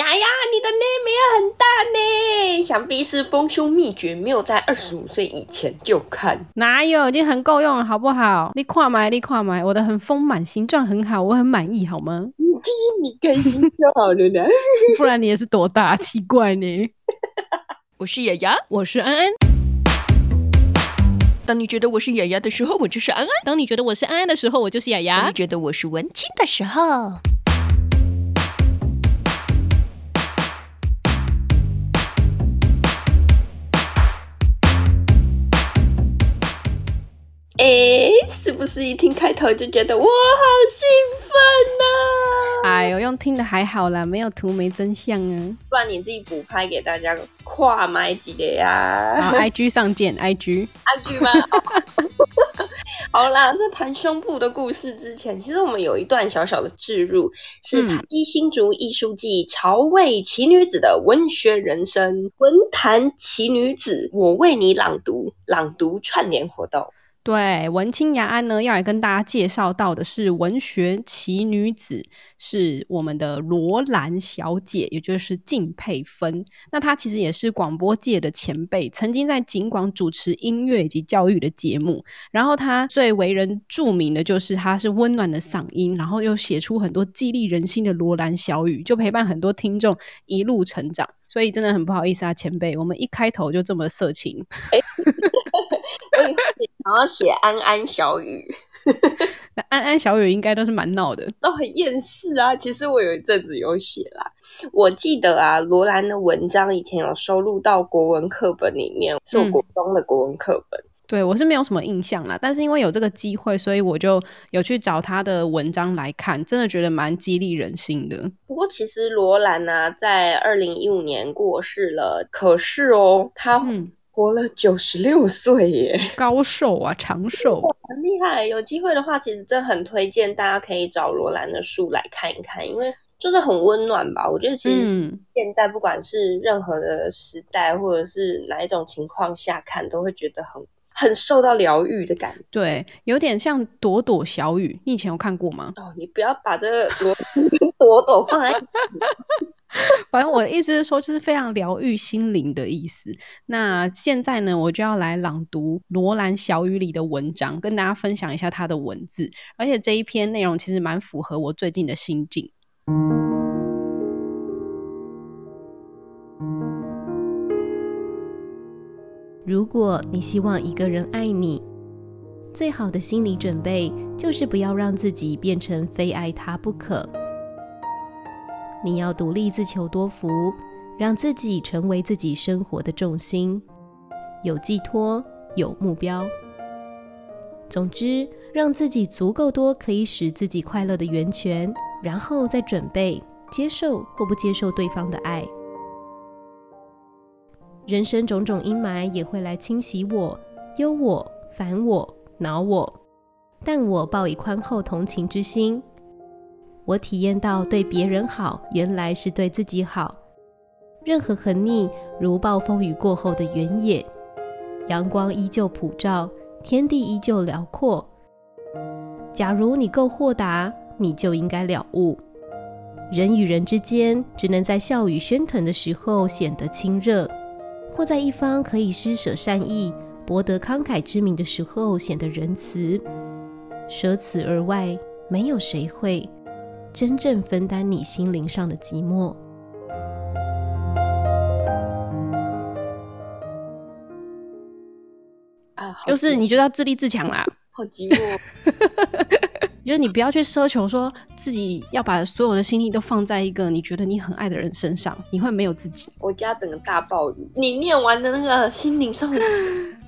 雅雅，你的內美很大呢，想必是豐胸秘訣沒有在二十五歲以前就看，哪有已經很夠用了，好不好？你看嘛，你看嘛，我的很豐滿，形狀很好，我很滿意，好嗎？你開心，你開心就好了呢， 不然你也是多大？ 奇怪呢，我是雅雅，我是安安。當你覺得我是雅雅的時候，我就是安安；當你覺得我是安安的時候，我就是雅雅；當你覺得我是文青的時候。哎，是、欸、不是一聽開頭就覺得我好興奮啊？哎，我用聽的還好啦，沒有圖沒真相啊！不然你自己補拍給大家跨買幾個呀？IG 上見，IG、IG 嗎？ 好啦，在談胸部的故事之前，其實我們有一段小小的置入，嗯、是台積心築藝術季潮味奇女子的文學人生，文壇奇女子，我為你朗讀，朗讀串聯活動。對，文青牙安呢要來跟大家介紹到的是文學奇女子，是我們的羅蘭小姐，也就是靳佩芬。那她其實也是廣播界的前輩，曾經在警廣主持音樂以及教育的節目。然後她最為人著名的就是她是溫暖的嗓音，然後又寫出很多激勵人心的羅蘭小語，就陪伴很多聽眾一路成長。所以真的很不好意思啊，前輩，我們一開頭就這麼色情。哎、 欸，我以後也想要寫安安小雨。那 安安小雨應該都是蠻鬧的，都很厭世啊。其實我有一陣子有寫啦，我記得啊，羅蘭的文章以前有收錄到國文課本裡面，是我國中的國文課本。嗯對，我是沒有什麼印象啦，但是因為有這個機會，所以我就有去找他的文章來看，真的覺得蠻激勵人心的。不過其實羅蘭啊，在二零一五年過世了，可是哦，他活了九十六歲耶，嗯、高壽啊，長壽，很厲害。有機會的話，其實真的很推薦大家可以找羅蘭的書來看一看，因為就是很溫暖吧。我覺得其實現在不管是任何的時代，或者是哪一種情況下看，都會覺得很。很受到療癒的感覺，對，有點像朵朵小語。你以前有看過嗎？哦，你不要把這個 朵朵放在一起， 反正我的意思是說，就是非常療癒心靈的意思。那現在呢，我就要來朗讀《羅蘭小語》裡的文章，跟大家分享一下他的文字。而且這一篇內容其實蠻符合我最近的心境。如果你希望一個人愛你，最好的心理準備就是不要讓自己變成非愛他不可。你要獨立自求多福，讓自己成為自己生活的重心，有寄託，有目標。總之，讓自己足夠多可以使自己快樂的源泉，然後再準備接受或不接受對方的愛。人生種種陰霾也會來侵襲我，憂我，煩我，惱我，但我報以寬厚同情之心。我體驗到對別人好，原來是對自己好。任何橫逆，如暴風雨過後的原野，陽光依舊普照，天地依舊遼闊。假如你夠豁達，你就應該了悟：人與人之間，只能在笑語喧騰的時候顯得親熱。或在一方可以施捨善意、博得慷慨之名的時候顯得仁慈，捨此而外，沒有誰會真正分擔你心靈上的寂寞。啊，就是你就要自立自強啦，好寂吃寞！ 就是你不要去奢求，說自己要把所有的心力都放在一個你覺得你很愛的人身上，你會沒有自己。我家整個大暴雨，你念完的那個心靈上的，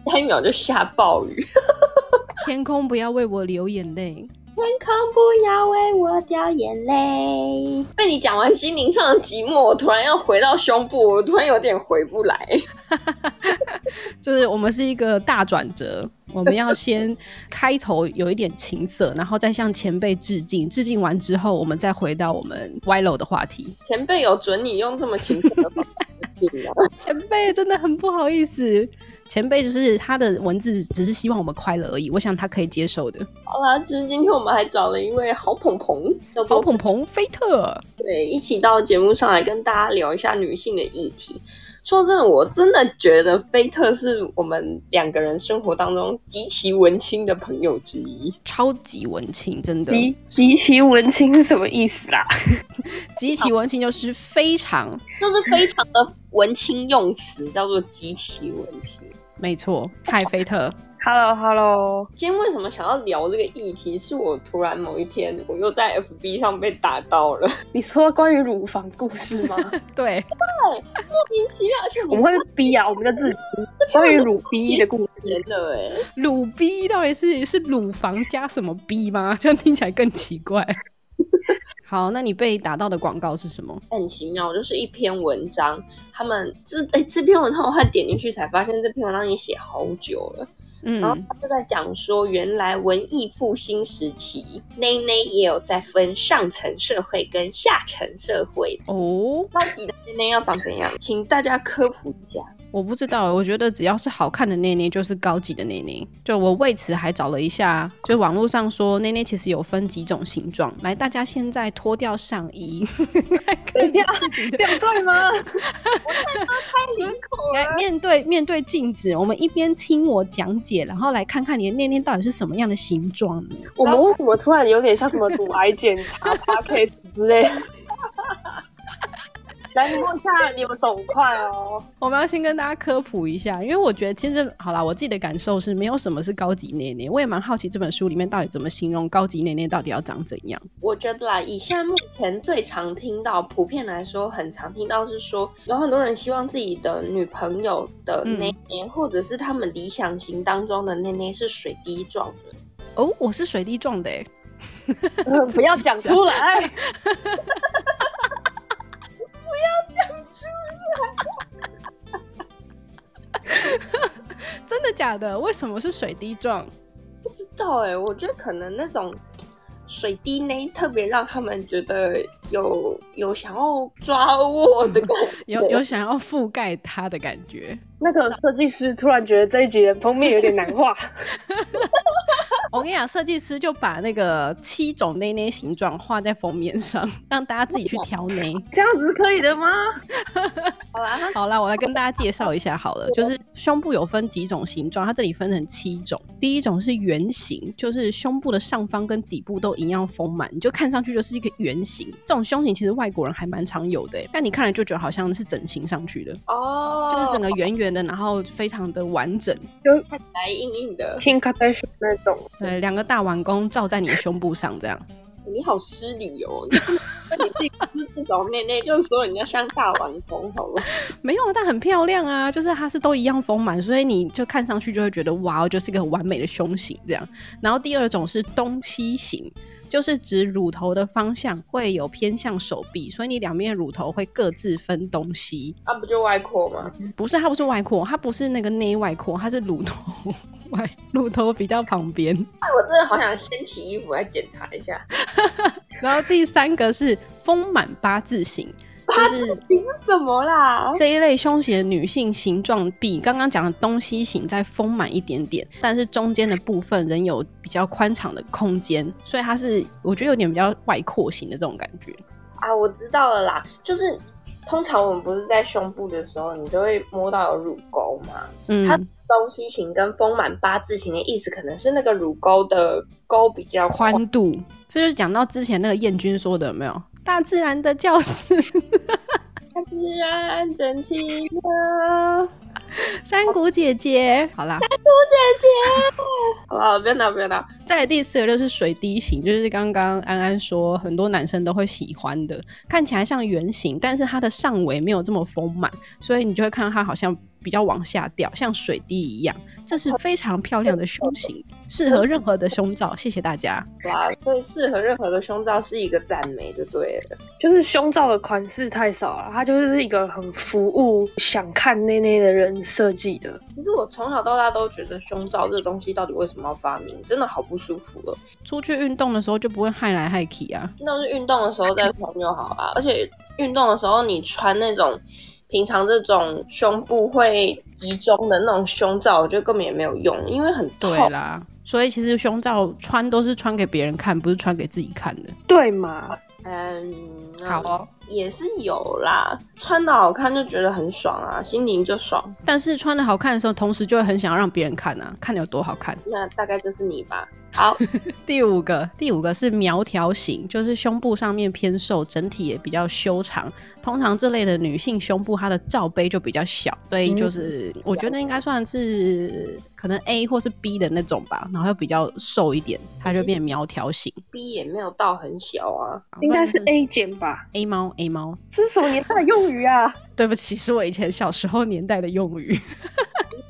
下一秒就下暴雨。 天空不要為我流眼淚，天空不要為我掉眼淚。被你講完心靈上的寂寞，我突然要回到胸部，我突然有點回不來。 就是我們是一個大轉折。 我們要先開頭有一點情色，然後再向前輩致敬。致敬完之後，我們再回到我們歪樓的話題。前輩有准你用這麼情色的方式致敬啊！ 前輩真的很不好意思。前輩就是他的文字，只是希望我們快樂而已。我想他可以接受的。好啦。其實今天我們還找了一位好捧捧，好捧捧飛特，對，一起到節目上來跟大家聊一下女性的議題。說真的，我真的覺得菲特是我們兩個人生活當中極其文青的朋友之一，超級文青，真的。比極其文青是什麼意思啊？常極其文青就是非常，就是非常的文青用詞， 叫做極其文青。沒錯，嗨，菲特，Hello，Hello。Hello, hello 今天為什麼想要聊這個議題？是我突然某一天，我又在 FB 上被打到了。你說關於乳房故事嗎？ 對。欸，莫名其妙，而且我們不會逼啊，我們叫自己，關於乳逼的故事，真，欸、乳逼到底是是乳房加什麼逼嗎？這樣聽起來更奇怪。 好，那你被打到的廣告是什麼？很奇妙，就是一篇文章。他們這哎，欸，這篇文章我還點進去才發現，這篇文章已經寫好久了。嗯、然後他就在講說，原來文藝復興時期，內內也有在分上層社會跟下層社會的哦。高級的內內要長怎樣？請大家科普一下。我不知道，我覺得只要是好看的內內就是高級的內內。就我為此還找了一下，就網絡上說內內其實有分幾種形狀。來，大家現在脫掉上衣，這樣、 欸啊、對，對嗎？ 我太離譜了！來，面對面對鏡子，我們一邊聽我講解，然後來看看你的內內到底是什麼樣的形狀。我們為什麼突然有點像什麼乳癌檢查拍片之類？ 來，你坐下，你們走快哦！ 我們要先跟大家科普一下，因為我覺得其實好啦，我自己的感受是沒有什麼是高級 ㄋㄟㄋㄟ。我也蠻好奇這本書裡面到底怎麼形容高級 ㄋㄟㄋㄟ，到底要長怎樣。我覺得啦，以現在目前最常聽到、普遍來說很常聽到是說，有很多人希望自己的女朋友的 ㄋㄟㄋㄟ，嗯、或者是他們理想型當中的 ㄋㄟㄋㄟ 是水滴狀的。哦，我是水滴狀的 、嗯、不要講出來。 出來 真的假的？為什麼是水滴狀？不知道哎、欸，我覺得可能那種水滴呢，特別讓他們覺得有有想要抓握的感覺， 有有想要覆蓋它的感覺。那個設計師突然覺得這一集的封面有點難畫。 我跟你講，設計師就把那個七種內內形狀畫在封面上，讓大家自己去挑奶，這樣子可以的嗎？ 好啦，好啦，我來跟大家介紹一下好了， 就是胸部有分幾種形狀，它這裡分成七種，第一種是圓形，就是胸部的上方跟底部都一樣豐滿，你就看上去就是一個圓形，這種胸型其實外國人還蠻常有的，但你看來就覺得好像是整形上去的哦，oh、就是整個圓圓的，然後非常的完整，就看起來硬硬的，Kim Kardashian 那種。對，兩個大碗公罩在你的胸部上，這樣、哦、你好失禮哦。那你自己自自找內內， 你是內內就是說人家像大碗公好了，沒有啊，但很漂亮啊，就是它是都一樣豐滿，所以你就看上去就會覺得哇，就是一個很完美的胸型這樣。然後第二種是東西型。就是指乳頭的方向會有偏向手臂，所以你兩面乳頭會各自分東西。那不就外擴嗎？不是，它不是外擴，它不是那個內外擴，它是乳頭外， 乳頭比較旁邊。哎，我真的好想掀起衣服來檢查一下。 然後第三個是豐滿八字形。八字憑什麼啦？這一類胸型的女性形狀比剛剛講的東西型再豐滿一點點，但是中間的部分仍有比較寬敞的空間，所以它是我覺得有點比較外擴型的這種感覺。啊，我知道了啦，就是通常我們不是在胸部的時候，你就會摸到有乳溝嘛？嗯。它東西型跟豐滿八字型的意思，可能是那個乳溝的溝比較寬度。寬度。這就是講到之前那個燕君說的，有沒有？大自然的教室， 大自然真奇妙。 山谷姐姐，好啦，山谷姐姐，好啦，不要鬧，不要鬧。再來第四個就是水滴型，就是剛剛安安說很多男生都會喜歡的，看起來像圓形，但是它的上圍沒有這麼豐滿，所以你就會看到它好像。比較往下掉，像水滴一樣，這是非常漂亮的胸型，適、哦、合任何的胸罩。的謝謝大家。對啊，所以適合任何的胸罩是一個讚美，就對了。就是胸罩的款式太少了，它就是一個很服務想看內內的人設計的。其實我從小到大都覺得胸罩這個東西到底為什麼要發明，真的好不舒服了。出去運動的時候就不會害來害去啊，那是運動的時候再穿就好啦，啊。 而且運動的時候你穿那種。平常這種胸部會集中的那種胸罩，我覺得根本也沒有用，因為很多啦。所以其實胸罩穿都是穿給別人看，不是穿給自己看的，對嗎？嗯、um, 好，好哦，也是有啦，穿得好看就覺得很爽啊，心靈就爽。但是穿得好看的時候，同時就會很想要讓別人看啊，看你有多好看。那大概就是你吧。好， 第五個，第五個是苗條型，就是胸部上面偏瘦，整體也比較修長。通常這類的女性胸部，她的罩杯就比較小，所以、嗯、就是我覺得應該算是可能 A 或是 B 的那種吧，然後又比較瘦一點，它就變苗條型。B 也沒有到很小啊，是應該是 A 減吧。A 貓 A 貓，這是什麼年代用語啊？ 對不起，是我以前小時候年代的用語 。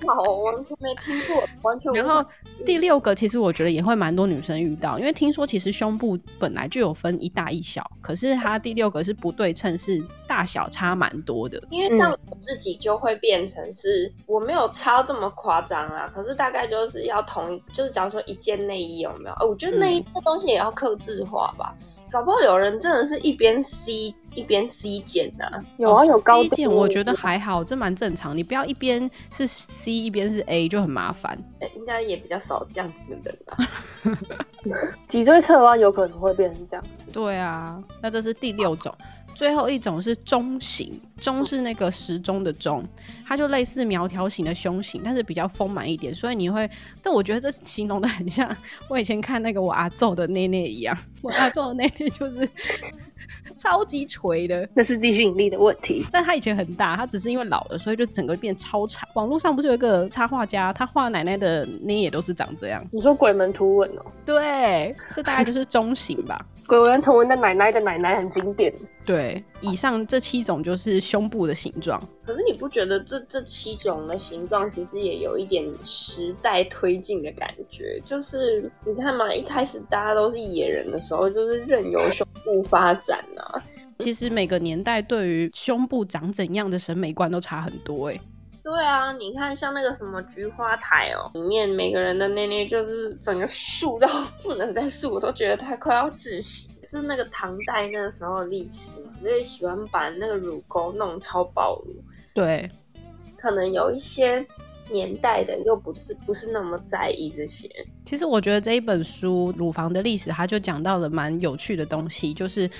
好，我完全沒聽過，完全。然後第六個，其實我覺得也會蠻多女生遇到，因為聽說其實胸部本來就有分一大一小，可是它第六個是不對稱，是。大小差蠻多的，因為這樣我自己就會變成是、嗯、我沒有差這麼誇張啊，可是大概就是要同一，就是假如說一件內衣有沒有？哎、啊，我覺得內衣這東西也要客製化吧，嗯、搞不好有人真的是一邊 C 一邊 C 減啊，啊。有啊有高減，我覺得還好，這蠻正常。你不要一邊是 C 一邊是 A 就很麻煩、欸，應該也比較少這樣子的人啊。 脊椎側彎有可能會變成這樣子，對啊，那這是第六種。最後一種是鐘型，鐘是那個時鐘的鐘，它就類似苗條型的胸型，但是比較豐滿一點，所以你會，但我覺得這形容的很像我以前看那個我阿祖的內內一樣，我阿祖的內內就是 超級垂的，那是地心引力的問題，但他以前很大，他只是因為老了，所以就整個變超長。網絡上不是有一個插畫家，他畫奶奶的內也都是長這樣。你說鬼門圖文哦、喔？對，這大概就是鐘型吧。 鬼門圖文的奶奶的奶奶很經典。對，以上這七種就是胸部的形狀。可是你不覺得這這七種的形狀其實也有一點時代推進的感覺？就是你看嘛，一開始大家都是野人的時候，就是任由胸部發展啊。其實每個年代對於胸部長怎樣的審美觀都差很多欸。對啊，你看像那個什麼菊花台哦，裡面每個人的內內就是整個豎到不能再豎，我都覺得他快要窒息。是那個唐代那時候的歷史嘛，就是喜歡把那個乳溝弄超暴露。對，可能有一些年代的又不是、不是那麼在意這些。其實我覺得這一本書《乳房的歷史》它就講到了蠻有趣的東西，就是。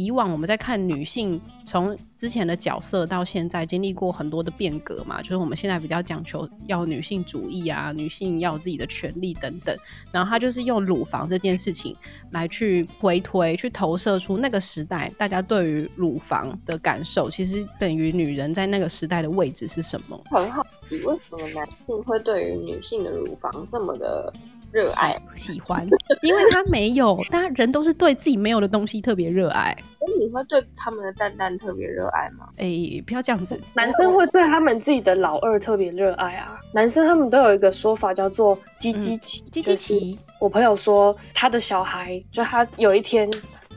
以往我們在看女性，從之前的角色到現在，經歷過很多的變革嘛，就是我們現在比較講求要女性主義啊，女性要自己的權利等等。然後他就是用乳房這件事情來去回推，推，去投射出那個時代大家對於乳房的感受，其實等於女人在那個時代的位置是什麼？很好奇，為什麼男性會對於女性的乳房這麼的？熱愛喜歡，因為他沒有，當 人都是對自己沒有的東西特別熱愛。以、欸、你會對他們的蛋蛋特別熱愛嗎？哎、欸，不要這樣子，男生會對他們自己的老二特別熱愛啊。 男生他們都有一個說法叫做雞雞期，雞雞期。我朋友說他的小孩，就他有一天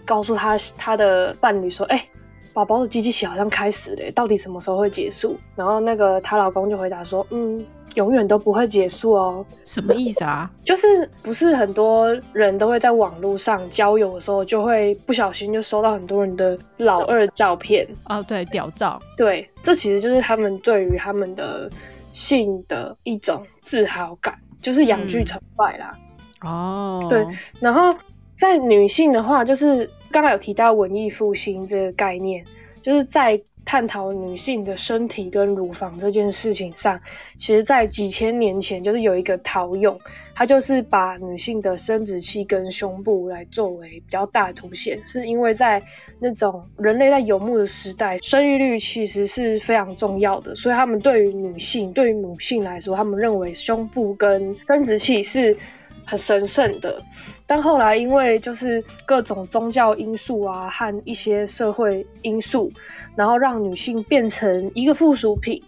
告訴他他的伴侶說：“哎、欸，寶寶的雞雞期好像開始了、欸，到底什麼時候會結束？”然後那個他老公就回答說：“嗯。”永遠都不會結束哦，什麼意思啊？ 就是不是很多人都會在網絡上交友的時候，就會不小心就收到很多人的老二照片哦。對，屌照。對，這其實就是他們對於他們的性的一種自豪感，就是陽具崇拜啦。哦、嗯，對。然後在女性的話，就是剛剛有提到文藝復興這個概念，就是在。探討女性的身體跟乳房這件事情上，其實，在幾千年前就是有一個陶俑，它就是把女性的生殖器跟胸部來作為比較大的凸顯，是因為在那種人類在游牧的時代，生育率其實是非常重要的，所以他們對於女性，對於母性來說，他們認為胸部跟生殖器是。很神聖的，但後來因為就是各種宗教因素啊，和一些社會因素，然後讓女性變成一個附屬品，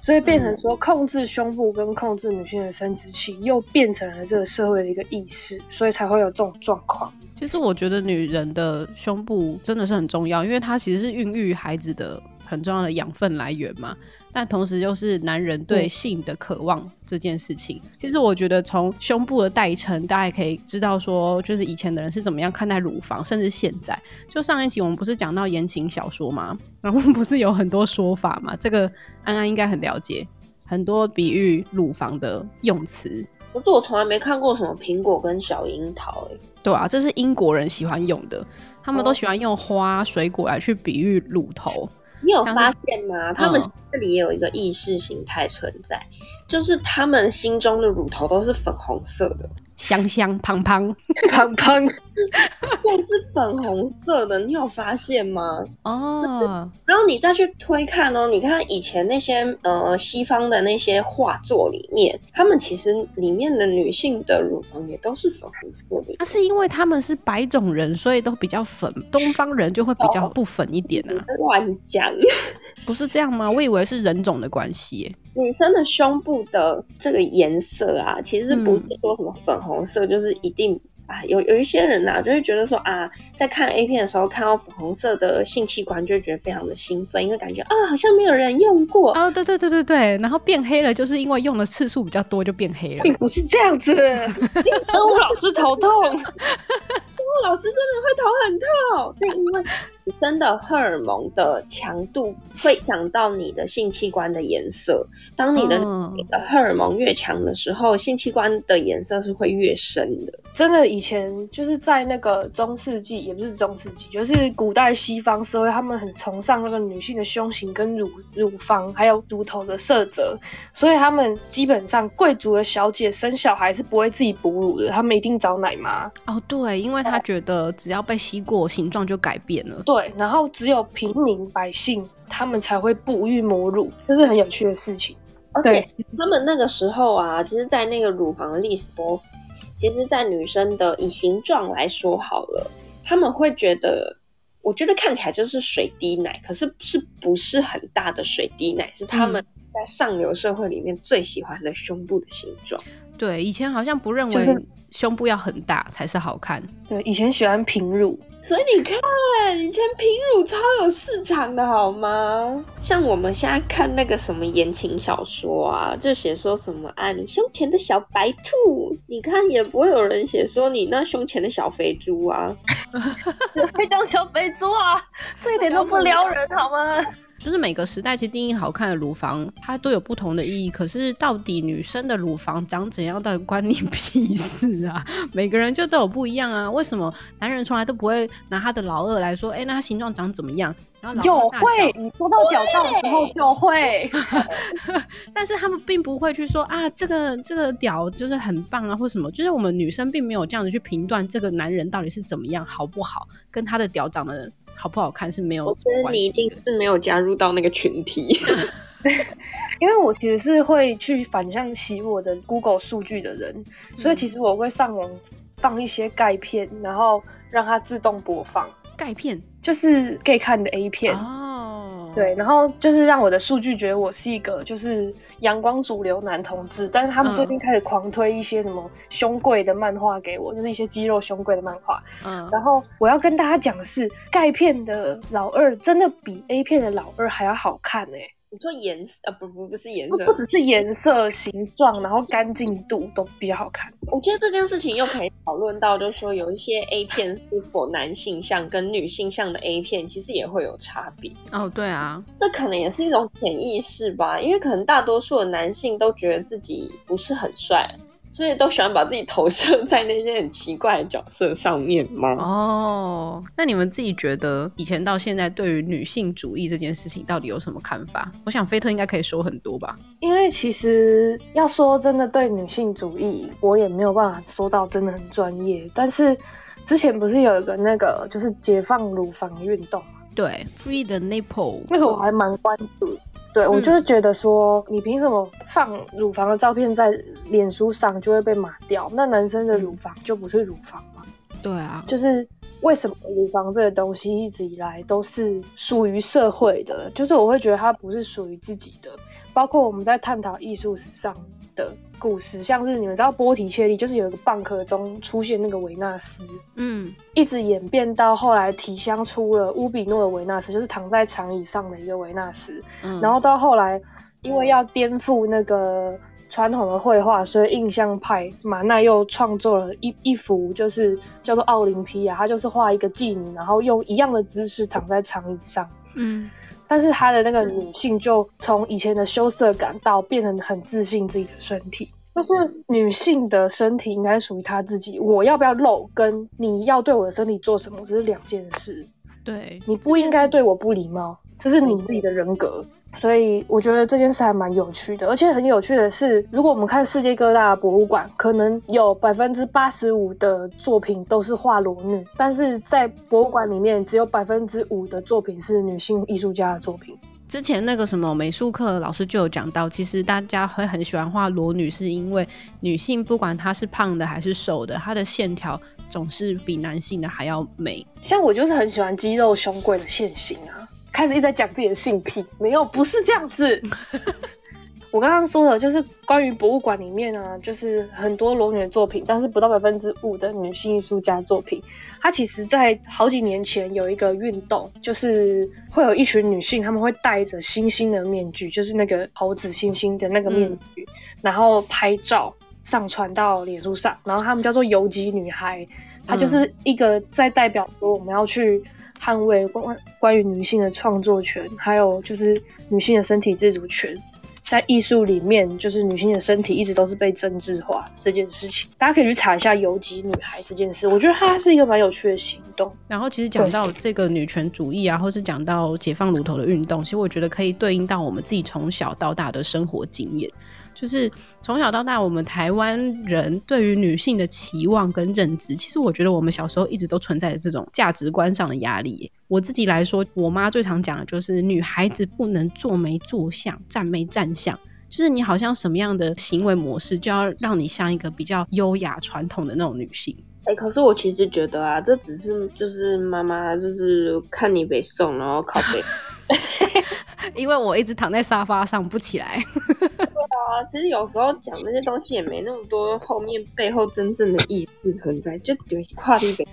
所以變成說控制胸部跟控制女性的生殖器又變成了這個社會的一個意識，所以才會有這種狀況。其實我覺得女人的胸部真的是很重要，因為它其實是孕育孩子的很重要的養分來源嘛。那同時就是男人對性的渴望這件事情，嗯、其實我覺得從胸部的代稱，大家可以知道說，就是以前的人是怎麼樣看待乳房，甚至現在。就上一集我們不是講到言情小說嗎？然後不是有很多說法嗎？這個安安應該很了解很多比喻乳房的用詞。可是我從來沒看過什麼蘋果跟小櫻桃、欸，誒，對啊，這是英國人喜歡用的，他們都喜歡用花、水果來去比喻乳頭。你有發現嗎？他們心裡也有一個意識形態存在，哦、就是他們心中的乳頭都是粉紅色的。香香胖胖胖胖，都 是粉紅色的，你有發現嗎？哦，oh. 然後你再去推看哦，你看以前那些呃西方的那些畫作裡面，他們其實裡面的女性的乳房也都是粉紅色的。那是因為他們是白種人，所以都比較粉，東方人就會比較不粉一點啊。Oh. 亂講，不是這樣嗎？我以為是人種的關係。女生的胸部的這個顏色啊，其實不是說什麼粉、嗯。紅色就是一定啊，有有一些人吶、啊，就會覺得說啊，在看 A 片的時候，看到粉紅色的性器官，就會覺得非常的興奮，因為感覺啊，好像沒有人用過啊、哦。對對對對對，然後變黑了，就是因為用的次數比較多就變黑了，並不是這樣子。 生物老師頭痛。 哦、老師真的會頭很痛， 是因為真的荷爾蒙的強度會講到你的性器官的顏色。當你的荷爾蒙越強的時候，哦、性器官的顏色是會越深的。真的，以前就是在那個中世紀，也不是中世紀，就是古代西方社會，他們很崇尚那個女性的胸型跟乳乳房，還有乳頭的色澤。所以他們基本上貴族的小姐生小孩是不會自己哺乳的，他們一定找奶媽。哦，對，因為他。他覺得只要被吸過，形狀就改變了。對，然後只有平民百姓、嗯、他們才會哺育母乳，這是很有趣的事情。而且、嗯對 Okay, 他們那個時候啊，其實，在那個乳房的歷史中，其實，在女生的以形狀來說好了，他們會覺得，我覺得看起來就是水滴奶，可是是不是很大的水滴奶，嗯、是他們在上流社會裡面最喜歡的胸部的形狀。對，以前好像不認為胸部要很大才是好看。對，以前喜歡貧乳，所以你看，以前貧乳超有市場的好嗎？像我們現在看那個什麼言情小說啊，就寫說什麼啊，你胸前的小白兔，你看也不會有人寫說你那胸前的小肥豬啊，誰會叫小肥豬啊？這一點都不撩人好嗎？就是每個時代去定義好看的乳房，它都有不同的意義。可是到底女生的乳房長怎樣，到底關你屁事啊？每個人就都有不一樣啊。為什麼男人從來都不會拿他的老二來說？哎、欸，那他形狀長怎麼樣？然後老二大小，有會你說到屌照的時候就會， 但是他們並不會去說啊，這個這個屌就是很棒啊，或什麼。就是我們女生並沒有這樣子去評斷這個男人到底是怎麼樣好不好，跟他的屌長得。好不好看是沒有，我覺得你一定是沒有加入到那個群體， 因為我其實是會去反向洗我的 Google 數據的人，嗯、所以其實我會上網放一些鈣片，然後讓它自動播放。鈣片，就是可以看的 A 片哦，對，然後就是讓我的數據覺得我是一個就是。陽光主流男同志，但是他們最近開始狂推一些什麼兄貴的漫畫給我，嗯、就是一些肌肉兄貴的漫畫。嗯、然後我要跟大家講的是，鈣片的老二真的比 A 片的老二還要好看誒、欸說顏色啊，不不不是顏色不，不只是顏色、形狀，然後乾淨度都比較好看。我覺得這件事情又可以討論到，就是說有一些 A 片是否男性向跟女性向的 A 片，其實也會有差別。哦，對啊，這可能也是一種潛意識吧，因為可能大多數的男性都覺得自己不是很帥。所以都喜歡把自己投射在那些很奇怪的角色上面嗎？哦，那你們自己覺得以前到現在對於女性主義這件事情到底有什麼看法？我想飛特應該可以說很多吧。因為其實要說真的對女性主義，我也沒有辦法說到真的很專業。但是之前不是有一個那個就是解放乳房運動嗎？對，Free the nipple，那個我還蠻關注。對，我就是覺得說，嗯、你憑什麼放乳房的照片在臉書上就會被碼掉？那男生的乳房就不是乳房嗎？對啊，就是為什麼乳房這個東西一直以來都是屬於社會的？就是我會覺得它不是屬於自己的。包括我們在探討藝術史上的故事，像是你們知道波提切利，就是有一個蚌殼中出現那個維納斯，嗯，一直演變到後來提香出了烏比諾的維納斯，就是躺在長椅上的一個維納斯，嗯，然後到後來因為要顛覆那個傳統的繪畫，所以印象派馬奈又創作了一一幅，就是叫做《奧林匹亞》，他就是畫一個妓女，然後用一樣的姿勢躺在長椅上，嗯。但是她的那個女性，就從以前的羞澀感，到變成很自信自己的身體。就是女性的身體應該屬於她自己。我要不要露，跟你要對我的身體做什麼，這是兩件事。對，你不應該對我不禮貌，這是你自己的人格。所以我覺得這件事還蠻有趣的，而且很有趣的是，如果我們看世界各大博物館，可能有百分之八十五的作品都是畫裸女，但是在博物館裡面，只有百分之五的作品是女性藝術家的作品。之前那個什麼美術課老師就有講到，其實大家會很喜歡畫裸女，是因為女性不管她是胖的還是瘦的，她的線條總是比男性的還要美。像我就是很喜歡肌肉胸貴的線型啊。開始一直在講自己的性癖，沒有，不是這樣子。 我剛剛說的，就是關於博物館裡面呢、啊，就是很多裸女作品，但是不到百分之五的女性藝術家作品。它其實，在好幾年前有一個運動，就是會有一群女性，她們會戴着猩猩的面具，就是那個猴子猩猩的那個面具，嗯、然後拍照上傳到臉書上，然後他們叫做游擊女孩。她就是一個在代表說我們要去，捍衛關關於女性的創作權，還有就是女性的身體自主權，在藝術裡面，就是女性的身體一直都是被政治化這件事情，大家可以去查一下“游擊女孩”這件事，我覺得它是一個蠻有趣的行動。然後，其實講到這個女權主義啊，對或是講到解放乳頭的運動，其實我覺得可以對應到我們自己從小到大的生活經驗。就是從小到大，我們台灣人對於女性的期望跟認知，其實我覺得我們小時候一直都存在着這種價值觀上的壓力。我自己來說，我媽最常講的就是女孩子不能坐沒坐相，站沒站相，就是你好像什麼樣的行為模式，就要讓你像一個比較優雅傳統的那種女性。哎、欸，可是我其實覺得啊，這只是就是媽媽就是看你被送，然後靠北， 因為我一直躺在沙發上不起來。 其實有時候講那些東西也沒那麼多，後面背後真正的意志存在，就在跨地給。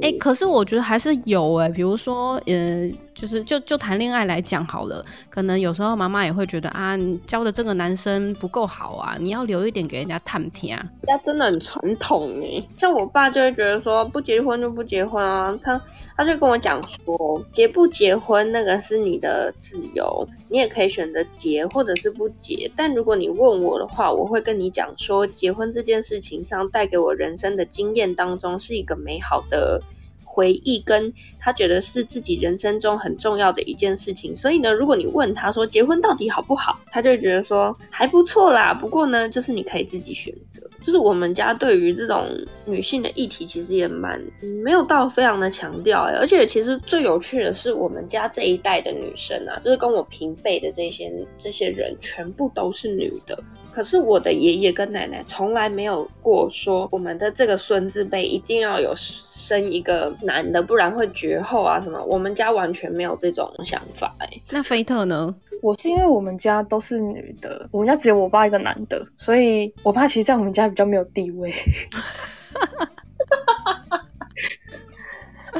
哎，可是我覺得還是有哎，比如說，嗯，就是就就談戀愛來講好了，可能有時候媽媽也會覺得啊，你交的這個男生不夠好啊，你要留一點給人家探聽。人家真的很傳統哎，像我爸就會覺得說不結婚就不結婚啊，他他就跟我講說，結不結婚那個是你的自由，你也可以選擇結或者是不結，但如果你問我的話，我會跟你講說，結婚這件事情上帶給我人生的經驗當中是一個美好的。的回憶，跟他覺得是自己人生中很重要的一件事情。所以呢，如果你問他說結婚到底好不好，他就會覺得說還不錯啦。不過呢，就是你可以自己選擇。就是我們家對於這種女性的議題，其實也蠻沒有到非常的強調。欸，而且，其實最有趣的是，我們家這一代的女生啊，就是跟我平輩的這些這些人，全部都是女的。可是我的爺爺跟奶奶從來沒有過說，我們的這個孫子輩一定要有生一個男的，不然會絕後啊什麼。我們家完全沒有這種想法，欸。哎，那飛特呢？我是因為我們家都是女的，我們家只有我爸一個男的，所以我爸其實，在我們家比較沒有地位。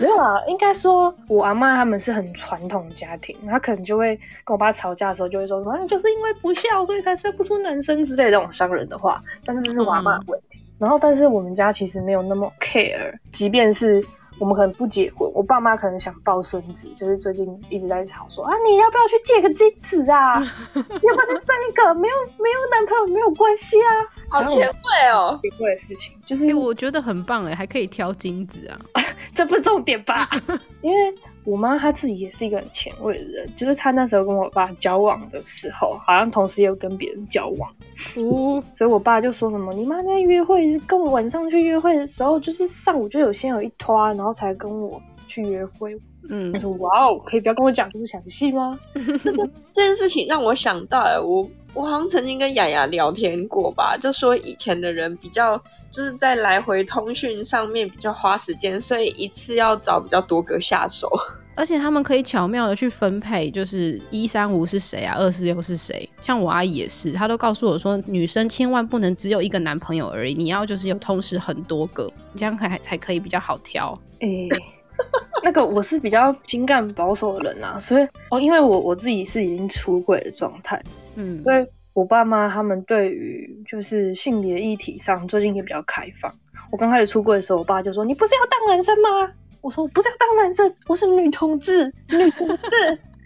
沒有啊，應該說我阿嬤他們是很傳統家庭，他可能就會跟我爸吵架的時候，就會說什麼、啊、就是因為不孝，所以才生不出男生之類這種傷人的話。但是這是我阿嬤的問題。嗯、然後，但是我們家其實沒有那麼 care，即便是我們可能不結婚，我爸媽可能想抱孫子，就是最近一直在吵說啊，你要不要去借個精子啊？ 要不要去生一個？沒有沒有男朋友沒有關係啊。好前衛哦，前衛的事情，就是我覺得很棒哎，還可以挑金子啊， 這不是重點吧？ 因為我媽她自己也是一個很前衛的人，就是她那時候跟我爸交往的時候，好像同時也有跟別人交往，嗯，所以我爸就說什麼你媽在約會，跟我晚上去約會的時候，就是上午就有先有一攤，然後才跟我去約會，嗯，他說：“哇哦，可以不要跟我講這麼詳細嗎？” 那個這件事情讓我想到，哎，我我好像曾經跟牙牙聊天過吧，就說以前的人比較就是在來回通訊上面比較花時間，所以一次要找比較多個下手，而且他們可以巧妙的去分配，就是一三五是誰啊，二四六是誰？像我阿姨也是，她都告訴我說，女生千萬不能只有一個男朋友而已，你要就是有同時很多個，這樣可才可以比較好挑，哎，欸。 那個我是比較情感保守的人啊，所以哦，因為我我自己是已經出櫃的狀態，嗯，所以我爸媽他們對於就是性別議題上最近也比較開放。我剛開始出櫃的時候，我爸就說：“你不是要當男生嗎？”我說：“我不是要當男生，我是女同志，女同志。”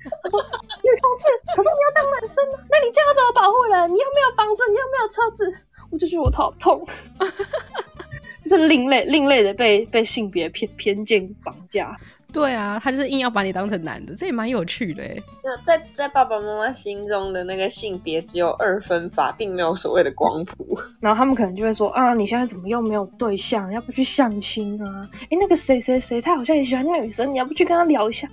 他說：“女同志。”他說：“你要當男生嗎，那你這樣怎麼保護人？你又沒有房子，你又沒有車子。”我就覺得我頭好痛。 是另類，另類的被被性別偏偏見綁架。對啊，他就是硬要把你當成男的，這也蠻有趣的。那在在爸爸媽媽心中的那個性別只有二分法，並沒有所謂的光譜。 然後他們可能就會說啊，你現在怎麼又沒有對象？要不去相親啊？哎、欸，那個誰誰誰，他好像也喜歡那女生，你要不去跟他聊一下？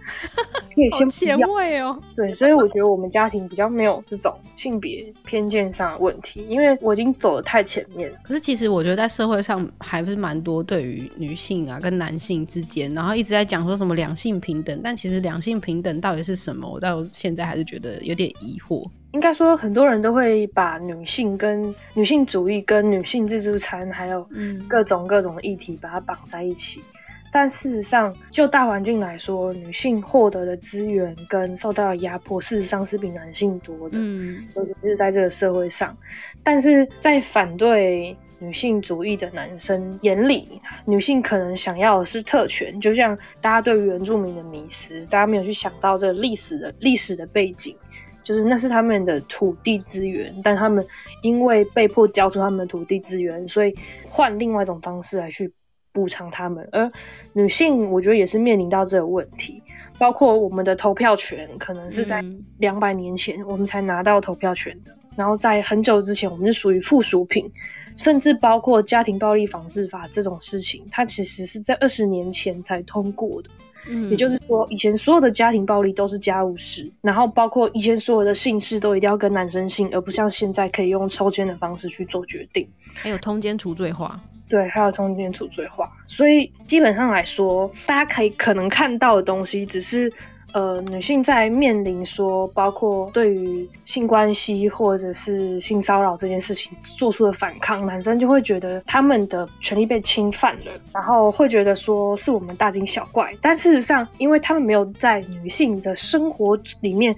也行先 前衛哦、喔。對，所以我覺得我們家庭比較沒有這種性別偏見上的問題，因為我已經走的太前面。可是其實我覺得在社會上還不是蠻多對於女性啊跟男性之間，然後一直在講說什麼。兩性平等，但其實兩性平等到底是什麼？我到現在還是覺得有點疑惑。應該說，很多人都會把女性跟女性主義、跟女性自助餐，還有嗯各種各種議題，把它綁在一起。嗯、但事實上，就大環境來說，女性獲得的資源跟受到的壓迫，事實上是比男性多的，嗯、尤其是在這個社會上。但是在反對。女性主義的男生眼裡，女性可能想要的是特權，就像大家對原住民的迷思，大家沒有去想到這歷史的歷史的背景，就是那是他們的土地資源，但他們因為被迫交出他們的土地資源，所以換另外一種方式來去補償他們。而女性，我覺得也是面臨到這個問題，包括我們的投票權，可能是在兩百年前我們才拿到投票權的，嗯、然後在很久之前，我們是屬於附屬品。甚至包括家庭暴力防治法這種事情，它其實是在二十年前才通過的。嗯，也就是說，以前所有的家庭暴力都是家務事，然後包括以前所有的姓氏都一定要跟男生姓，而不像現在可以用抽籤的方式去做決定。還有通奸除罪化，對，還有通奸除罪化。所以基本上來說，大家可以可能看到的東西只是。呃，女性在面臨說，包括對於性關係或者是性騷擾這件事情做出的反抗，男生就會覺得他們的權利被侵犯了，然後會覺得說是我們大驚小怪。但事實上，因為他們沒有在女性的生活裡面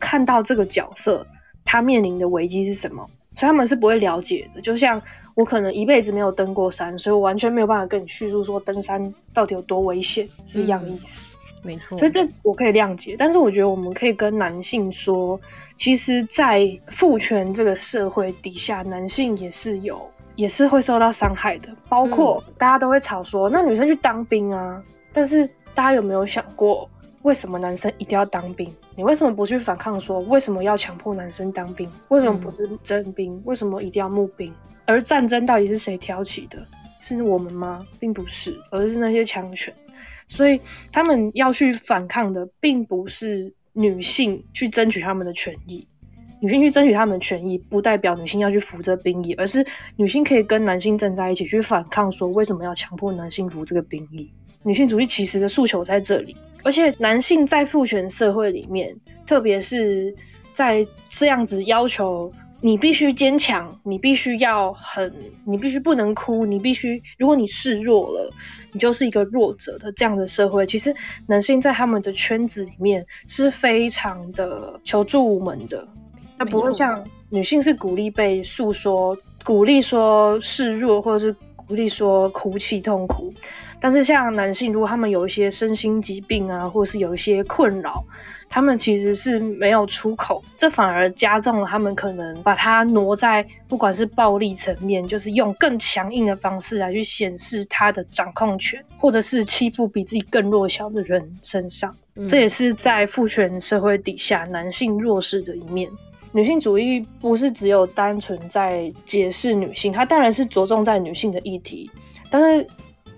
看到這個角色，他面臨的危機是什麼，所以他們是不會了解的。就像我可能一輩子沒有登過山，所以我完全沒有辦法跟你敘述說登山到底有多危險，是一樣的意思。嗯沒錯，所以這我可以諒解，但是我覺得我們可以跟男性說，其實，在父權這個社會底下，男性也是有，也是會受到傷害的。包括大家都會吵說，嗯、那女生去當兵啊，但是大家有沒有想過，為什麼男生一定要當兵？你為什麼不去反抗？說為什麼要強迫男生當兵？為什麼不是徵兵？為什麼一定要募兵？嗯、而戰爭到底是誰挑起的？是我們嗎？並不是，而是那些強權。所以，他們要去反抗的，並不是女性去爭取他們的權益。女性去爭取他們的權益，不代表女性要去服這兵役，而是女性可以跟男性站在一起去反抗，說為什麼要強迫男性服這個兵役？女性主義其實的訴求在這裡。而且，男性在父權社會裡面，特別是在這樣子要求。你必須堅強，你必須要很，你必須不能哭，你必須，如果你示弱了，你就是一個弱者的這樣的社會。其實，男性在他們的圈子裡面是非常的求助無門的，他沒錯，不會像女性是鼓勵被訴說，鼓勵說示弱，或者是鼓勵說哭泣痛苦。但是，像男性，如果他們有一些身心疾病啊，或是有一些困擾，他們其實是沒有出口，這反而加重了他們可能把他挪在不管是暴力層面，就是用更強硬的方式來去顯示他的掌控權，或者是欺負比自己更弱小的人身上。嗯。這也是在父權社會底下男性弱勢的一面。女性主義不是只有單純在解釋女性，它當然是着重在女性的議題，但是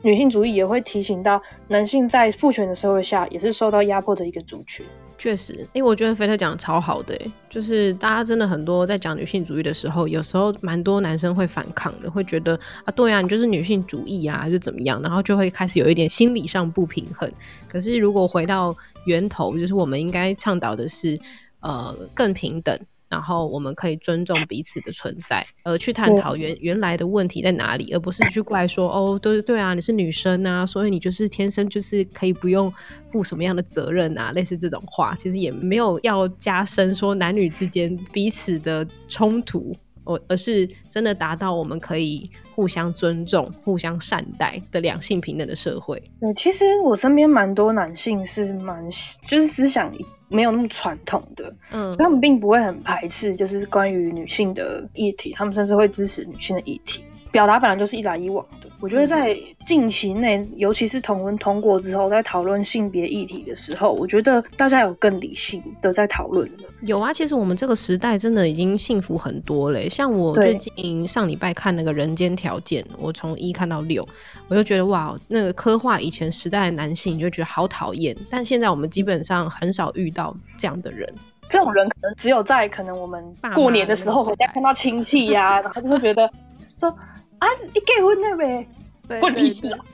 女性主義也會提醒到男性在父權的社會下也是受到壓迫的一個族群。確實，哎、欸，我覺得飛特講得超好的、欸，就是大家真的很多在講女性主義的時候，有時候蠻多男生會反抗的，會覺得啊，對呀、啊，你就是女性主義啊，就怎麼樣，然後就會開始有一點心理上不平衡。可是如果回到源頭，就是我們應該倡導的是，呃，更平等。然後我們可以尊重彼此的存在，而、呃、去探討原原來的問題在哪裡，而不是去怪說哦，對對啊，你是女生啊，所以你就是天生就是可以不用負什麼樣的責任啊，類似這種話，其實也沒有要加深說男女之間彼此的衝突、呃，而是真的達到我們可以互相尊重、互相善待的兩性平等的社會。其實我身邊蠻多男性是蠻就是思想。沒有那麼傳統的，嗯，他們並不會很排斥，就是關於女性的議題，他們甚至會支持女性的議題。表達本來就是一來一往嘛。我覺得在近期內，嗯、尤其是同婚通過之後，在討論性別議題的時候，我覺得大家有更理性的在討論。有啊，其實我們這個時代真的已經幸福很多嘞。像我最近上禮拜看那個人間條件，對我從一看到六，我就覺得哇，那個刻畫以前時代的男性，就覺得好討厭。但現在我們基本上很少遇到這樣的人，這種人可能只有在可能我們過年的時候回家看到親戚呀、啊，然後就會覺得說。 啊，你結婚了沒？對，關你屁事啊！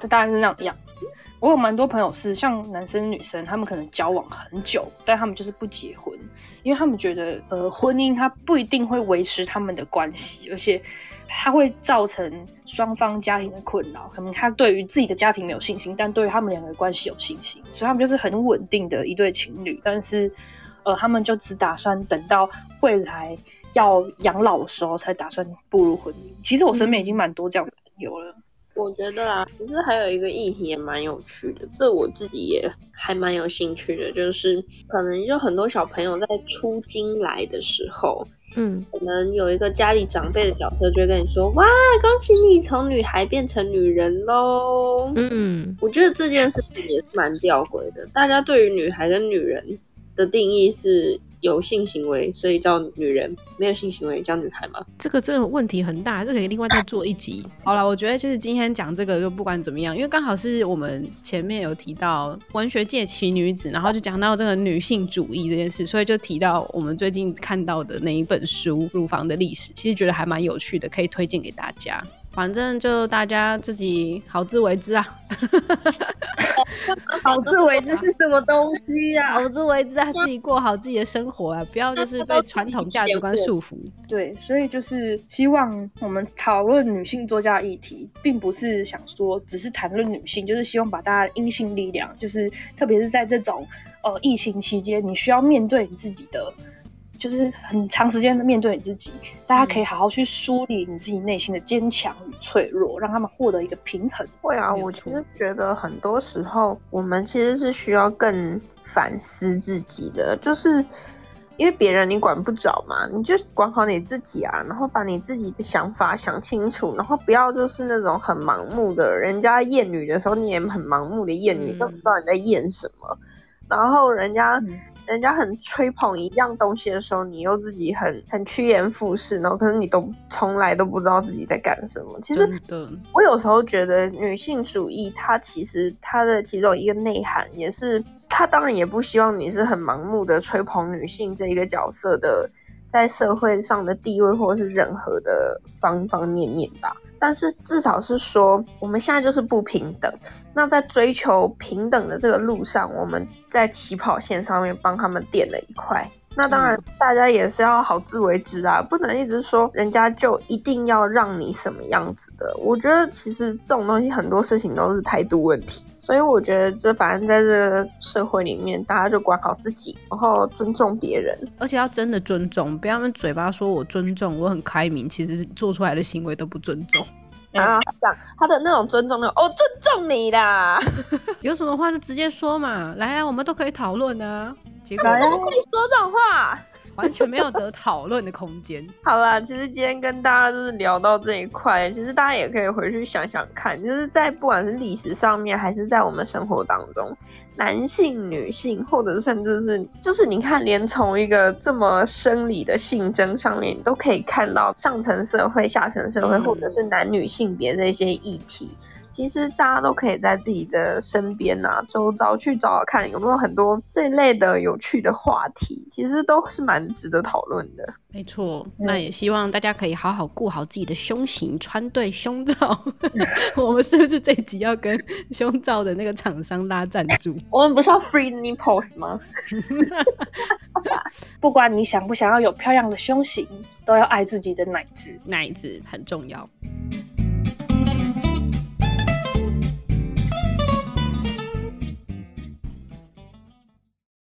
這大概是那種樣子。我有蠻多朋友是像男生女生，他們可能交往很久，但他們就是不結婚，因為他們覺得呃，婚姻它不一定會維持他們的關係，而且它會造成雙方家庭的困擾。可能他對於自己的家庭沒有信心，但對於他們兩個的關係有信心，所以他們就是很穩定的一對情侶。但是呃，他們就只打算等到未來。要養老的時候才打算步入婚姻，其實我身邊已經蠻多這樣的朋友、嗯、了。我覺得啊，其實還有一個議題也蠻有趣的，這我自己也還蠻有興趣的，就是可能有很多小朋友在初經來的時候，嗯，可能有一個家裡長輩的角色就會跟你說，哇，恭喜你從女孩變成女人嘍。嗯，嗯，我覺得這件事情也是蠻吊詭的，大家對於女孩跟女人的定義是。有性行為，所以叫女人；沒有性行為，叫女孩嗎？這個這個問題很大，這個、可以另外再做一集。 好了，我覺得就是今天講這個，就不管怎麼樣，因為剛好是我們前面有提到文學界奇女子，然後就講到這個女性主義這件事，所以就提到我們最近看到的那一本書《乳房的歷史》，其實覺得還蠻有趣的，可以推薦給大家。反正就大家自己好自為之啊！ 好自為之是什麼東西啊？ 好自為之啊，自己過好自己的生活啊，不要就是被傳統價值觀束縛。對，所以就是希望我們討論女性作家的議題，並不是想說只是談論女性，就是希望把大家的陰性力量，就是特別是在這種呃疫情期間，你需要面對你自己的。就是很長時間的面對你自己，大家可以好好去梳理你自己內心的堅強與脆弱，讓他們獲得一個平衡。會啊，我其實覺得很多時候我們其實是需要更反思自己的，就是因為別人你管不着嘛，你就管好你自己啊，然後把你自己的想法想清楚，然後不要就是那種很盲目的，人家厭女的時候你也很盲目的厭女，嗯、都不知道你在厭什麼，然後人家、嗯。人家很吹捧一樣東西的時候，你又自己很很趨炎附勢，然後可是你都從來都不知道自己在幹什麼。其實，的我有時候覺得女性主義它其實它的其中一個內涵也是，它當然也不希望你是很盲目的吹捧女性這一個角色的在社會上的地位，或是任何的方方面面吧。但是至少是說，我們現在就是不平等。那在追求平等的這個路上，我們在起跑線上面幫他們墊了一塊。那當然，大家也是要好自為之啊，不能一直說人家就一定要讓你什麼樣子的。我覺得其實這種東西很多事情都是態度問題，所以我覺得這反正在這個社會裡面，大家就管好自己，然後尊重別人，而且要真的尊重，不要用嘴巴說我尊重，我很開明，其實做出來的行為都不尊重。然後他講他的那種尊重那種哦，尊重你啦， 有什麼話就直接說嘛，來來、啊，我們都可以討論啊。別人可以說這種話，完全沒有得討論的空間。 好啦，其實今天跟大家就是聊到這一塊，其實大家也可以回去想想看，就是在不管是歷史上面，還是在我們生活當中，男性、女性，或者甚至是，就是你看，連從一個這麼生理的性徵上面，你都可以看到上層社會、下層社會，或者是男女性別的一些議題。其實大家都可以在自己的身邊啊周遭，去找找看，有沒有很多這一類的有趣的話題，其實都是蠻值得討論的。沒錯，那也希望大家可以好好顧好自己的胸型，穿對胸罩。嗯、 我們是不是這集要跟胸罩的那個廠商拉贊助？ 我們不是要 free the nipple 嗎？ 不管你想不想要有漂亮的胸型，都要愛自己的奶子，奶子很重要。